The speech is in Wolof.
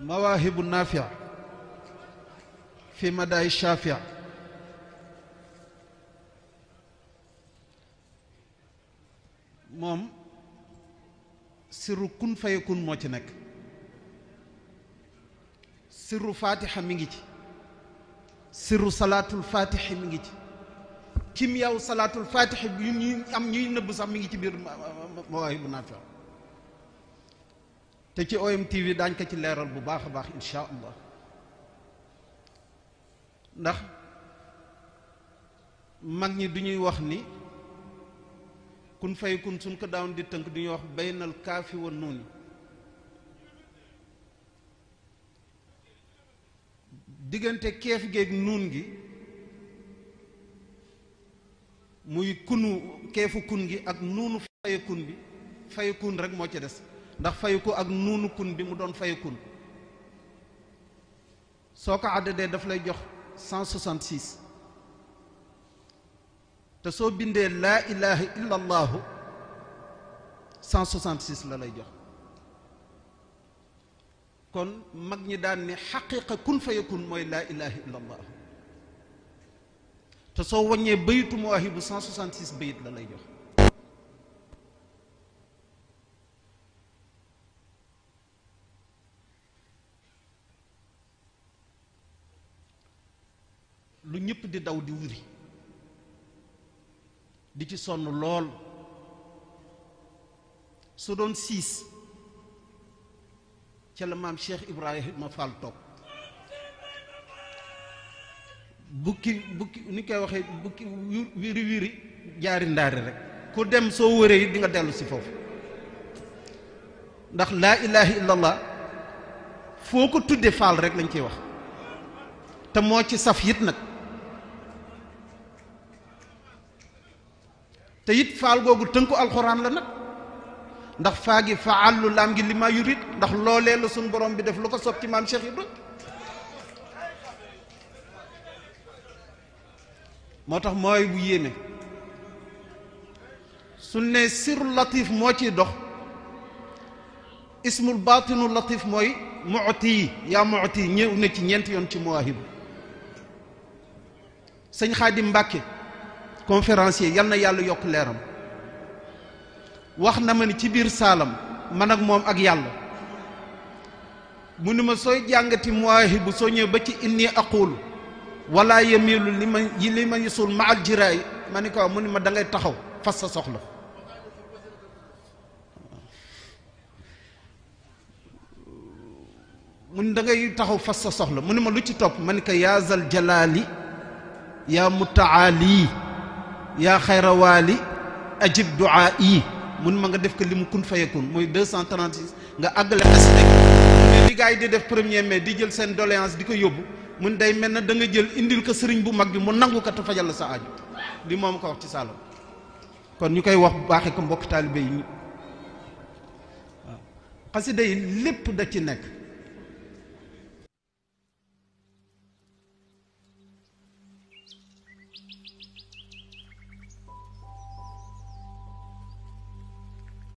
مواهب النافع في مدى الشافع moom sirru kun fayakun moo ci nekk sirru fatiha mi ngi ci sirru salaatul fatiha mi ngi ci kim yow salaatul fatiha bi ñu am ñuy nëbb sax mi ngi ci biir mawaahibu naafi te ci OMTV daañ ko ci leeral bu baax a baax insha allah ndax mag ñi duñuy wax ni kun fay kun suñ ko daawoon di tënk du wax baynal kaafi wa nuuni diggante keef géeg nuun gi muy kunu keefu kun gi ak nuunu fay kun bi fay kun rek moo ci des ndax fayuko ak nunu kun bi mu don fayu soko soo daf lay jox 166 te so binde la ilaha illa allah 166 la lay jox kon mag ñi daan ne xaqiqa kun fayakun moy la ilaha illa allah te so wagne bayitu muahib 166 bayit la lay jox ñëpp di daw di wuri di ci sonn lool su doon siis ca la maam Cheikh Ibrahima Fall toog bukki bukki ni koy waxee bukki wiri wiri jaari ndaari rek ku dem soo wëree di nga dellu si foofu ndax laa ilaha illallah foo ko tudde Fall rek lañ ciy wax te moo ci saf yit nag te it faal googu tënku alxuraan la nag ndax faa gi faallu laam gi li ma yurit ndax loolee la suñ borom bi def lu ko sob ci maam Cheikh Ibra moo tax mooy bu yéeme su ne siru latif moo ciy dox ismul baatinu latif mooy muti yaa muti ñëw na ci ñeent yoon ci muwaahib sëñ Xaadim Mbàkke conférencier yal na yàlla yokk leeram wax na ma ni ci biir saalam man ak moom ak yàlla mu ni ma sooy jàngati muwaahibu bu ñëw ba ci indi aqulu wala yamilu li ma li ma yusul ma al ma ni ko mu ni ma da taxaw fas sa soxla mu ni da soxla mu ni ma lu ci topp ma ni ko yaa zal yaa mutaali yaa xayra waali ajib duaa yi mun ma nga def ko li mu kun fayakun mooy 236 nga àggale asdek li gars yi di def premier mais di jël seen doléance di ko yóbbu mun day mel na da nga jël indil ko sëriñ bu mag bi mu nangu ko te fajal la sa aju li moom ko wax ci saalum kon ñu koy wax bu baaxee ko mbokk taalibe yi waaw xasida yi lépp da ci nekk